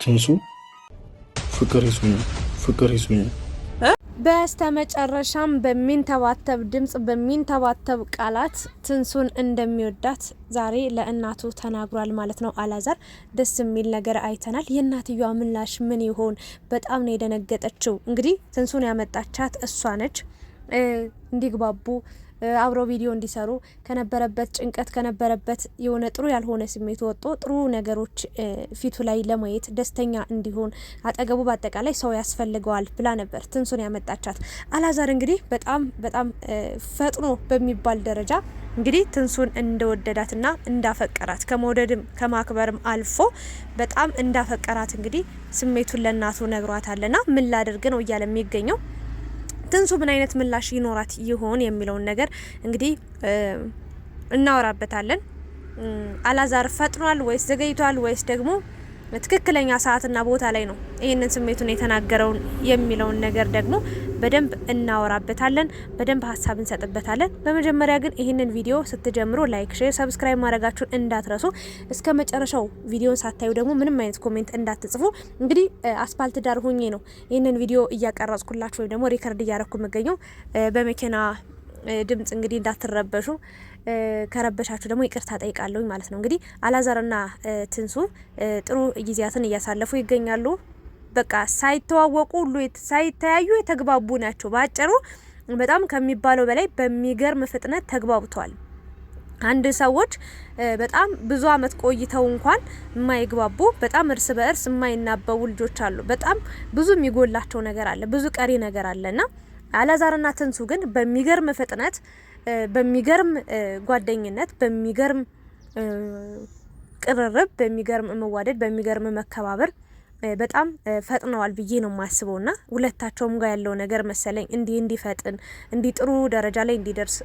ከሱ ፍቅር ይዞኛል፣ ፍቅር ይዞኛል። በስተመጨረሻም በሚንተባተብ ድምጽ በሚንተባተብ ቃላት ትንሱን እንደሚወዳት ዛሬ ለእናቱ ተናግሯል ማለት ነው። አላዛር ደስ የሚል ነገር አይተናል። የእናትየዋ ምላሽ ምን ይሆን? በጣም ነው የደነገጠችው። እንግዲህ ትንሱን ያመጣቻት እሷ ነች እንዲግባቡ አብረው ቪዲዮ እንዲሰሩ ከነበረበት ጭንቀት ከነበረበት የሆነ ጥሩ ያልሆነ ስሜት ወጥቶ ጥሩ ነገሮች ፊቱ ላይ ለማየት ደስተኛ እንዲሆን አጠገቡ በአጠቃላይ ሰው ያስፈልገዋል ብላ ነበር ትንሱን ያመጣቻት። አላዛር እንግዲህ በጣም በጣም ፈጥኖ በሚባል ደረጃ እንግዲህ ትንሱን እንደወደዳትና እንዳፈቀራት ከመውደድም ከማክበርም አልፎ በጣም እንዳፈቀራት እንግዲህ ስሜቱን ለእናቱ ነግሯታለና ምን ላደርግ ነው እያለ የሚገኘው ትንሱ ምን አይነት ምላሽ ይኖራት ይሆን የሚለውን ነገር እንግዲህ እናወራበታለን። አላዛር ፈጥኗል ወይስ ዘገይቷል ወይስ ደግሞ ትክክለኛ ሰዓትና ቦታ ላይ ነው ይህንን ስሜቱን የተናገረውን የሚለውን ነገር ደግሞ በደንብ እናወራበታለን፣ በደንብ ሀሳብ እንሰጥበታለን። በመጀመሪያ ግን ይህንን ቪዲዮ ስትጀምሩ ላይክ፣ ሼር፣ ሰብስክራይብ ማድረጋችሁን እንዳትረሱ። እስከ መጨረሻው ቪዲዮን ሳታዩ ደግሞ ምንም አይነት ኮሜንት እንዳትጽፉ። እንግዲህ አስፓልት ዳር ሆኜ ነው ይህንን ቪዲዮ እያቀረጽኩላችሁ ወይም ደግሞ ሪከርድ እያረኩ የምገኘው በመኪና ድምጽ እንግዲህ እንዳትረበሹ ከረበሻችሁ ደግሞ ይቅርታ ጠይቃለሁኝ ማለት ነው። እንግዲህ አላዛርና ትንሱ ጥሩ ጊዜያትን እያሳለፉ ይገኛሉ። በቃ ሳይተዋወቁ ሁሉ ሳይተያዩ የተግባቡ ናቸው። በአጭሩ በጣም ከሚባለው በላይ በሚገርም ፍጥነት ተግባብተዋል። አንድ ሰዎች በጣም ብዙ አመት ቆይተው እንኳን የማይግባቡ በጣም እርስ በእርስ የማይናበቡ ልጆች አሉ። በጣም ብዙ የሚጎላቸው ነገር አለ፣ ብዙ ቀሪ ነገር አለና አላዛርና ትንሱ ግን በሚገርም ፍጥነት፣ በሚገርም ጓደኝነት፣ በሚገርም ቅርርብ፣ በሚገርም መዋደድ፣ በሚገርም መከባበር በጣም ፈጥነዋል ብዬ ነው የማስበው ና ሁለታቸውም ጋር ያለው ነገር መሰለኝ እንዲህ እንዲፈጥን እንዲህ ጥሩ ደረጃ ላይ እንዲደርስ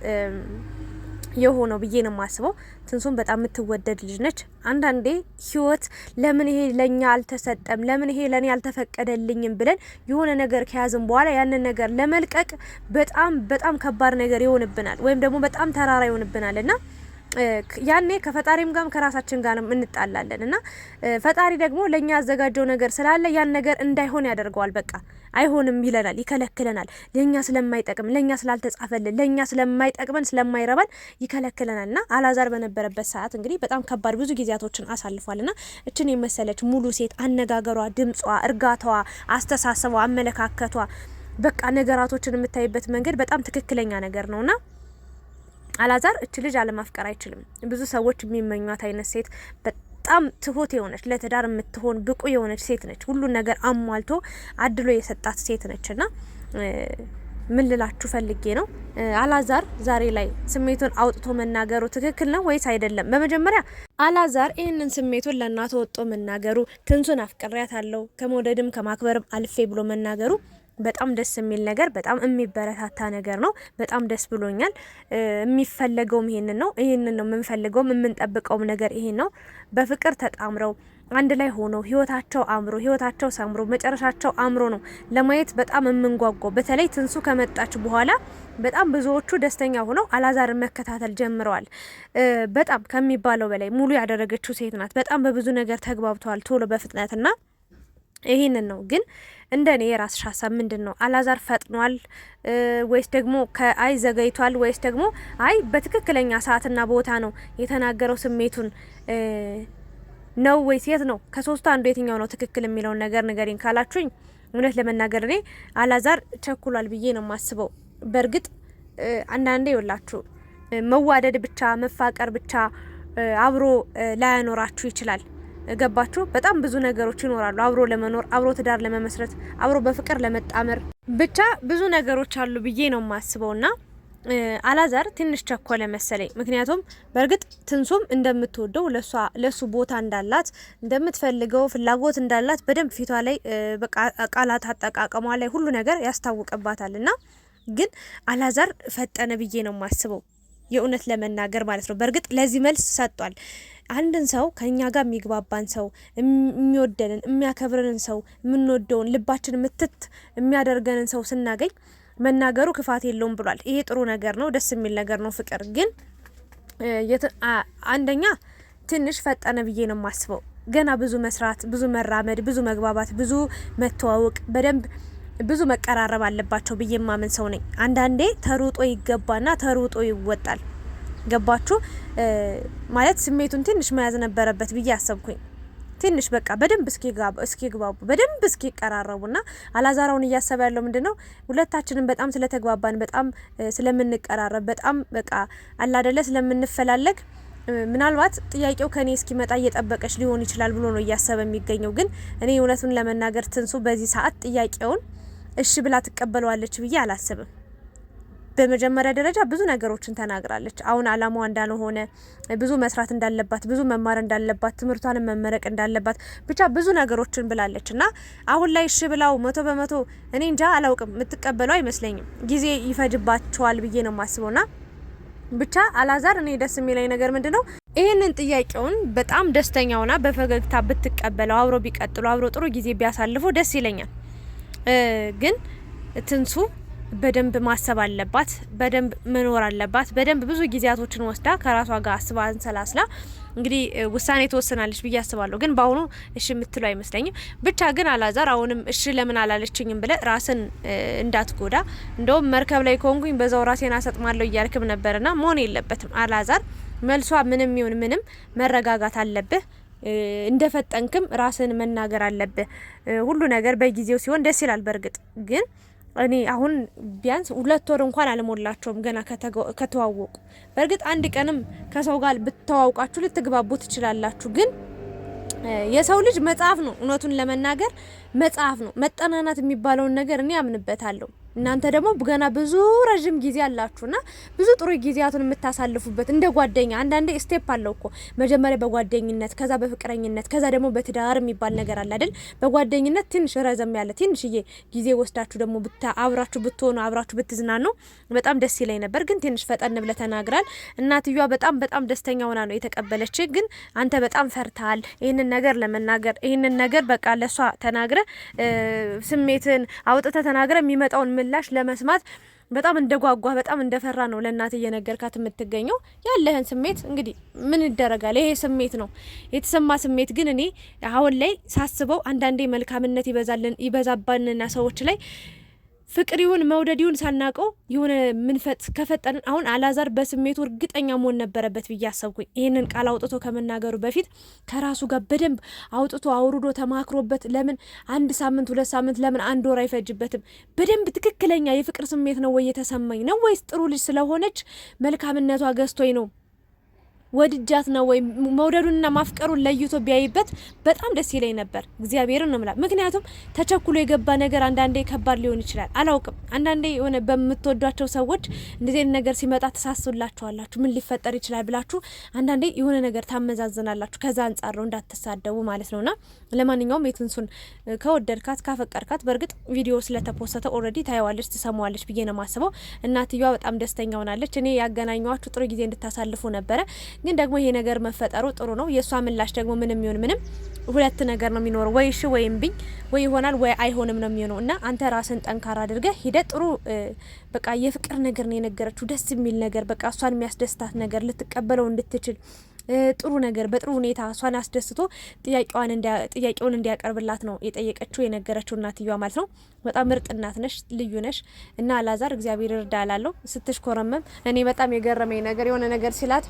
የሆነው ብዬ ነው የማስበው። ትንሱም በጣም የምትወደድ ልጅ ነች። አንዳንዴ ህይወት ለምን ይሄ ለእኛ አልተሰጠም፣ ለምን ይሄ ለእኔ አልተፈቀደልኝም ብለን የሆነ ነገር ከያዝን በኋላ ያንን ነገር ለመልቀቅ በጣም በጣም ከባድ ነገር ይሆንብናል፣ ወይም ደግሞ በጣም ተራራ ይሆንብናል እና ያኔ ከፈጣሪም ጋርም ከራሳችን ጋርም እንጣላለን እና ፈጣሪ ደግሞ ለእኛ ያዘጋጀው ነገር ስላለ ያን ነገር እንዳይሆን ያደርገዋል። በቃ አይሆንም ይለናል፣ ይከለክለናል። ለእኛ ስለማይጠቅም ለእኛ ስላልተጻፈልን ለእኛ ስለማይጠቅመን ስለማይረባን ይከለክለናል። እና አላዛር በነበረበት ሰዓት እንግዲህ በጣም ከባድ ብዙ ጊዜያቶችን አሳልፏል። ና እችን የመሰለች ሙሉ ሴት አነጋገሯ፣ ድምጿ፣ እርጋታዋ፣ አስተሳሰቧ፣ አመለካከቷ በቃ ነገራቶችን የምታይበት መንገድ በጣም ትክክለኛ ነገር ነውና አላዛር እች ልጅ አለማፍቀር አይችልም። ብዙ ሰዎች የሚመኟት አይነት ሴት በጣም ትሁት የሆነች ለትዳር የምትሆን ብቁ የሆነች ሴት ነች። ሁሉን ነገር አሟልቶ አድሎ የሰጣት ሴት ነች እና ምን ልላችሁ ፈልጌ ነው አላዛር ዛሬ ላይ ስሜቱን አውጥቶ መናገሩ ትክክል ነው ወይስ አይደለም? በመጀመሪያ አላዛር ይህንን ስሜቱን ለእናቱ ወጥቶ መናገሩ ትንሱን አፍቅሬያት አለው ከመውደድም ከማክበርም አልፌ ብሎ መናገሩ በጣም ደስ የሚል ነገር፣ በጣም የሚበረታታ ነገር ነው። በጣም ደስ ብሎኛል። የሚፈለገውም ይሄንን ነው። ይሄንን ነው የምንፈልገውም የምንጠብቀውም ነገር ይሄን ነው። በፍቅር ተጣምረው አንድ ላይ ሆኖ ህይወታቸው አምሮ ህይወታቸው ሰምሮ መጨረሻቸው አምሮ ነው ለማየት በጣም የምንጓጓው። በተለይ ትንሱ ከመጣች በኋላ በጣም ብዙዎቹ ደስተኛ ሆነው አላዛር መከታተል ጀምረዋል። በጣም ከሚባለው በላይ ሙሉ ያደረገችው ሴት ናት። በጣም በብዙ ነገር ተግባብተዋል ቶሎ በፍጥነትና ይህንን ነው ግን እንደ እኔ የራስሽ ሀሳብ ምንድን ነው? አላዛር ፈጥኗል ወይስ ደግሞ ከአይ ዘገይቷል ወይስ ደግሞ አይ በትክክለኛ ሰዓትና ቦታ ነው የተናገረው ስሜቱን ነው ወይስ የት ነው? ከሶስቱ አንዱ የትኛው ነው ትክክል የሚለውን ነገር ንገሪኝ ካላችሁኝ፣ እውነት ለመናገር እኔ አላዛር ቸኩሏል ብዬ ነው የማስበው። በእርግጥ አንዳንዴ ይወላችሁ መዋደድ ብቻ መፋቀር ብቻ አብሮ ላያኖራችሁ ይችላል። ገባችሁ? በጣም ብዙ ነገሮች ይኖራሉ። አብሮ ለመኖር፣ አብሮ ትዳር ለመመስረት፣ አብሮ በፍቅር ለመጣመር ብቻ ብዙ ነገሮች አሉ ብዬ ነው የማስበው ና አላዛር ትንሽ ቸኮለ መሰለኝ። ምክንያቱም በእርግጥ ትንሱም እንደምትወደው ለሱ ቦታ እንዳላት እንደምትፈልገው ፍላጎት እንዳላት በደንብ ፊቷ ላይ ቃላት አጠቃቀሟ ላይ ሁሉ ነገር ያስታውቅባታል እና ግን አላዛር ፈጠነ ብዬ ነው የማስበው የእውነት ለመናገር ማለት ነው። በእርግጥ ለዚህ መልስ ሰጥቷል። አንድን ሰው ከኛ ጋር የሚግባባን ሰው የሚወደንን የሚያከብረንን ሰው የምንወደውን ልባችን ምትት የሚያደርገንን ሰው ስናገኝ መናገሩ ክፋት የለውም ብሏል። ይሄ ጥሩ ነገር ነው፣ ደስ የሚል ነገር ነው። ፍቅር ግን አንደኛ ትንሽ ፈጠነ ብዬ ነው የማስበው። ገና ብዙ መስራት፣ ብዙ መራመድ፣ ብዙ መግባባት፣ ብዙ መተዋወቅ በደንብ ብዙ መቀራረብ አለባቸው ብዬ ማምን ሰው ነኝ። አንዳንዴ ተሩጦ ይገባና ተሩጦ ይወጣል። ገባችሁ ማለት ስሜቱን ትንሽ መያዝ ነበረበት ብዬ አሰብኩኝ። ትንሽ በቃ በደንብ እስኪግባቡ በደንብ እስኪቀራረቡና አላዛራውን እያሰበ ያለው ምንድን ነው? ሁለታችንም በጣም ስለተግባባን በጣም ስለምንቀራረብ በጣም በቃ አላደለ ስለምንፈላለግ ምናልባት ጥያቄው ከኔ እስኪመጣ እየጠበቀች ሊሆን ይችላል ብሎ ነው እያሰበ የሚገኘው። ግን እኔ እውነቱን ለመናገር ትንሱ በዚህ ሰዓት ጥያቄውን እሺ ብላ ትቀበለዋለች ብዬ አላስብም። በመጀመሪያ ደረጃ ብዙ ነገሮችን ተናግራለች። አሁን አላማዋ እንዳልሆነ ብዙ መስራት እንዳለባት፣ ብዙ መማር እንዳለባት፣ ትምህርቷንም መመረቅ እንዳለባት ብቻ ብዙ ነገሮችን ብላለች እና አሁን ላይ እሺ ብላው መቶ በመቶ እኔ እንጃ አላውቅም የምትቀበለው አይመስለኝም። ጊዜ ይፈጅባቸዋል ብዬ ነው የማስበው ና ብቻ አላዛር እኔ ደስ የሚለኝ ነገር ምንድን ነው ይህንን ጥያቄውን በጣም ደስተኛ በፈገግታ ብትቀበለው አብሮ ቢቀጥሉ አብሮ ጥሩ ጊዜ ቢያሳልፉ ደስ ይለኛል። ግን ትንሱ በደንብ ማሰብ አለባት፣ በደንብ መኖር አለባት። በደንብ ብዙ ጊዜያቶችን ወስዳ ከራሷ ጋር አስባ አንሰላስላ እንግዲህ ውሳኔ ትወስናለች ብዬ አስባለሁ። ግን በአሁኑ እሺ የምትለው አይመስለኝም። ብቻ ግን አላዛር አሁንም እሺ ለምን አላለችኝም ብለ ራስን እንዳትጎዳ። እንደውም መርከብ ላይ ከሆንኩኝ በዛው ራሴን አሰጥማለሁ እያልክም ነበርና መሆን የለበትም አላዛር። መልሷ ምንም ይሁን ምንም መረጋጋት አለብህ። እንደፈጠንክም ራስን መናገር አለብህ። ሁሉ ነገር በጊዜው ሲሆን ደስ ይላል። በእርግጥ ግን እኔ አሁን ቢያንስ ሁለት ወር እንኳን አልሞላቸውም ገና ከተዋወቁ። በእርግጥ አንድ ቀንም ከሰው ጋር ብትተዋውቃችሁ ልትግባቡ ትችላላችሁ፣ ግን የሰው ልጅ መጽሐፍ ነው። እውነቱን ለመናገር መጽሐፍ ነው። መጠናናት የሚባለውን ነገር እኔ አምንበታለሁ። እናንተ ደግሞ ገና ብዙ ረዥም ጊዜ አላችሁና ብዙ ጥሩ ጊዜያቱን የምታሳልፉበት እንደ ጓደኛ አንዳንዴ ስቴፕ አለው እኮ መጀመሪያ በጓደኝነት ከዛ በፍቅረኝነት ከዛ ደግሞ በትዳር የሚባል ነገር አለ አይደል? በጓደኝነት ትንሽ ረዘም ያለ ትንሽዬ ጊዜ ወስዳችሁ ደግሞ አብራችሁ ብትሆኑ አብራችሁ ብትዝናኑ በጣም ደስ ይለኝ ነበር። ግን ትንሽ ፈጠን ብለ ተናግራል። እናትየዋ በጣም በጣም ደስተኛ ሆና ነው የተቀበለች። ግን አንተ በጣም ፈርታል ይህንን ነገር ለመናገር ይህንን ነገር በቃ ለሷ ተናግረ ስሜትን አውጥተ ተናግረ የሚመጣውን ምላሽ ለመስማት በጣም እንደጓጓ በጣም እንደፈራ ነው ለእናት እየነገርካት የምትገኘው። ያለህን ስሜት እንግዲህ ምን ይደረጋል፣ ይሄ ስሜት ነው የተሰማ ስሜት። ግን እኔ አሁን ላይ ሳስበው አንዳንዴ መልካምነት ይበዛልን ይበዛባንና ሰዎች ላይ ፍቅር ይሁን መውደድ ይሁን ሳናቀው የሆነ ምንፈት ከፈጠንን አሁን አላዛር በስሜቱ እርግጠኛ መሆን ነበረበት ብዬ አሰብኩኝ። ይህንን ቃል አውጥቶ ከመናገሩ በፊት ከራሱ ጋር በደንብ አውጥቶ አውርዶ ተማክሮበት፣ ለምን አንድ ሳምንት ሁለት ሳምንት ለምን አንድ ወር አይፈጅበትም? በደንብ ትክክለኛ የፍቅር ስሜት ነው ወይ የተሰማኝ ነው ወይስ ጥሩ ልጅ ስለሆነች መልካምነቷ ገዝቶኝ ነው ወድጃት ነው ወይም መውደዱንና ማፍቀሩን ለይቶ ቢያይበት በጣም ደስ ይለኝ ነበር። እግዚአብሔርን እምላ ምክንያቱም ተቸኩሎ የገባ ነገር አንዳንዴ ከባድ ሊሆን ይችላል። አላውቅም። አንዳንዴ የሆነ በምትወዷቸው ሰዎች እንደዚህ ነገር ሲመጣ ተሳስላችኋላችሁ፣ ምን ሊፈጠር ይችላል ብላችሁ አንዳንዴ የሆነ ነገር ታመዛዝናላችሁ። ከዛ አንጻር ነው እንዳትሳደቡ ማለት ነውና ለማንኛውም የትንሱን ከወደድካት ካፈቀርካት፣ በእርግጥ ቪዲዮ ስለተፖሰተ ኦልሬዲ ታየዋለች፣ ትሰማዋለች ብዬ ነው ማስበው። እናትየዋ በጣም ደስተኛ ሆናለች። እኔ ያገናኘዋችሁ ጥሩ ጊዜ እንድታሳልፉ ነበረ ግን ደግሞ ይሄ ነገር መፈጠሩ ጥሩ ነው። የእሷ ምላሽ ደግሞ ምንም ይሁን ምንም ሁለት ነገር ነው የሚኖረው። ወይ እሺ ወይም ብኝ ወይ ይሆናል ወይ አይሆንም ነው የሚሆነው። እና አንተ ራስን ጠንካራ አድርገህ ሂደህ ጥሩ በቃ የፍቅር ነገር ነው የነገረችው። ደስ የሚል ነገር በቃ እሷን የሚያስደስታት ነገር ልትቀበለው እንድትችል ጥሩ ነገር በጥሩ ሁኔታ እሷን አስደስቶ ጥያቄዋን ጥያቄውን እንዲያቀርብላት ነው የጠየቀችው የነገረችው እናትየዋ ማለት ነው። በጣም ምርጥ እናት ነሽ፣ ልዩ ነሽ እና አላዛር እግዚአብሔር እርዳ ላለው ስትሽ ኮረመም እኔ በጣም የገረመኝ ነገር የሆነ ነገር ሲላት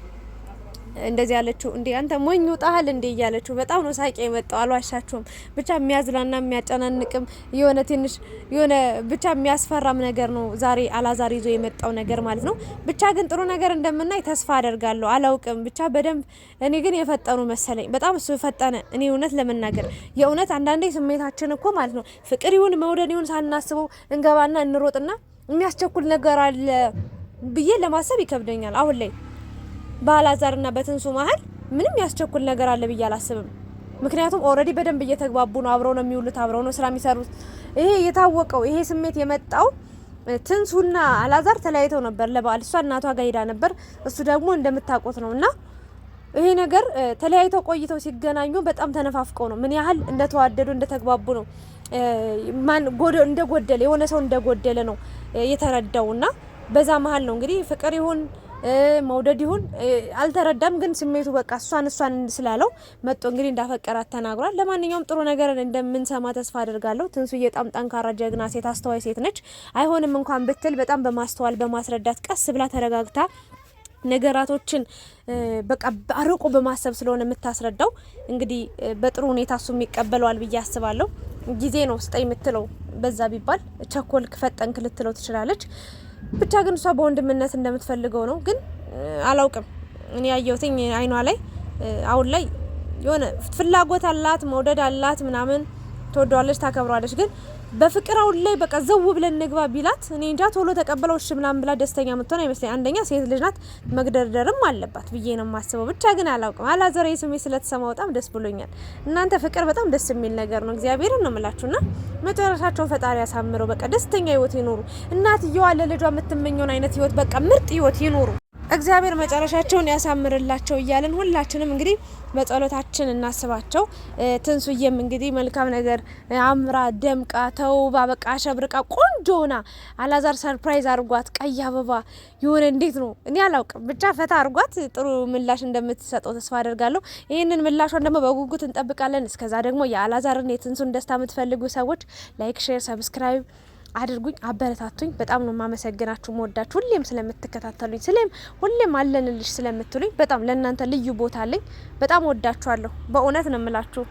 እንደዚህ ያለችው እንዴ አንተ ሞኝ ውጣሃል እንዴ እያለችው በጣም ነው ሳቄ የመጣው። አልዋሻችሁም። ብቻ የሚያዝላና የሚያጨናንቅም የሆነ ትንሽ የሆነ ብቻ የሚያስፈራም ነገር ነው ዛሬ አላዛር ይዞ የመጣው ነገር ማለት ነው። ብቻ ግን ጥሩ ነገር እንደምናይ ተስፋ አደርጋለሁ። አላውቅም ብቻ በደንብ እኔ ግን የፈጠኑ መሰለኝ። በጣም እሱ ፈጠነ። እኔ እውነት ለመናገር የእውነት አንዳንዴ ስሜታችን እኮ ማለት ነው ፍቅር ይሁን መውደድ ይሁን ሳናስበው እንገባና እንሮጥና የሚያስቸኩል ነገር አለ ብዬ ለማሰብ ይከብደኛል አሁን ላይ በአላዛርና በትንሱ መሀል ምንም ያስቸኩል ነገር አለ ብዬ አላስብም። ምክንያቱም ኦልሬዲ በደንብ እየተግባቡ ነው። አብረው ነው የሚውሉት፣ አብረው ነው ስራ የሚሰሩት። ይሄ የታወቀው ይሄ ስሜት የመጣው ትንሱና አላዛር ተለያይተው ነበር ለበዓል። እሷ እናቷ ጋር ሄዳ ነበር፣ እሱ ደግሞ እንደምታውቁት ነው እና ይሄ ነገር ተለያይተው ቆይተው ሲገናኙ በጣም ተነፋፍቀው ነው ምን ያህል እንደተዋደዱ እንደተግባቡ ነው ማን እንደጎደለ የሆነ ሰው እንደጎደለ ነው የተረዳውና በዛ መሀል ነው እንግዲህ ፍቅር ይሁን መውደድ ይሁን አልተረዳም፣ ግን ስሜቱ በቃ እሷን እሷን ስላለው መጦ እንግዲህ እንዳፈቀራት ተናግሯል። ለማንኛውም ጥሩ ነገር እንደምንሰማ ተስፋ አድርጋለሁ። ትንሱዬ በጣም ጠንካራ ጀግና ሴት፣ አስተዋይ ሴት ነች። አይሆንም እንኳን ብትል በጣም በማስተዋል በማስረዳት ቀስ ብላ ተረጋግታ ነገራቶችን በቃ አርቆ በማሰብ ስለሆነ የምታስረዳው እንግዲህ በጥሩ ሁኔታ እሱ ይቀበለዋል ብዬ አስባለሁ። ጊዜ ነው ስጠኝ የምትለው በዛ ቢባል ቸኮልክ ፈጠንክ ልትለው ትችላለች። ብቻ ግን እሷ በወንድምነት እንደምትፈልገው ነው። ግን አላውቅም እኔ ያየሁትኝ አይኗ ላይ አሁን ላይ የሆነ ፍላጎት አላት፣ መውደድ አላት፣ ምናምን ትወደዋለች፣ ታከብረዋለች ግን በፍቅር አሁን ላይ በቃ ዘው ብለን ንግባ ቢላት እኔ እንጃ ቶሎ ተቀበለው እሺ ምናምን ብላ ደስተኛ ምትሆን አይመስለኝ። አንደኛ ሴት ልጅ ናት መግደርደርም አለባት ብዬ ነው የማስበው። ብቻ ግን አላውቅም። አላዘር ስሜ ስለተሰማ በጣም ደስ ብሎኛል። እናንተ ፍቅር በጣም ደስ የሚል ነገር ነው። እግዚአብሔርን ነው ምላችሁና መጨረሻቸውን ፈጣሪ ያሳምረው። በቃ ደስተኛ ህይወት ይኖሩ። እናትየዋ ለልጇ የምትመኘውን አይነት ህይወት በቃ ምርጥ ህይወት ይኖሩ። እግዚአብሔር መጨረሻቸውን ያሳምርላቸው እያለን ሁላችንም እንግዲህ በጸሎታችን እናስባቸው። ትንሱዬም እንግዲህ መልካም ነገር አምራ ደምቃ ተውባ በቃ አሸብርቃ ቆንጆና አላዛር ሰርፕራይዝ አርጓት ቀይ አበባ የሆነ እንዴት ነው እኔ አላውቅም፣ ብቻ ፈታ አርጓት ጥሩ ምላሽ እንደምትሰጠው ተስፋ አደርጋለሁ። ይህንን ምላሿን ደግሞ በጉጉት እንጠብቃለን። እስከዛ ደግሞ የአላዛርን የትንሱን ደስታ የምትፈልጉ ሰዎች ላይክ፣ ሼር፣ ሰብስክራይብ አድርጉኝ፣ አበረታቱኝ። በጣም ነው ማመሰግናችሁ፣ መወዳችሁ፣ ሁሌም ስለምትከታተሉኝ፣ ስለም ሁሌም አለንልሽ ስለምትሉኝ በጣም ለእናንተ ልዩ ቦታ አለኝ። በጣም ወዳችኋለሁ። በእውነት ነው የምላችሁ።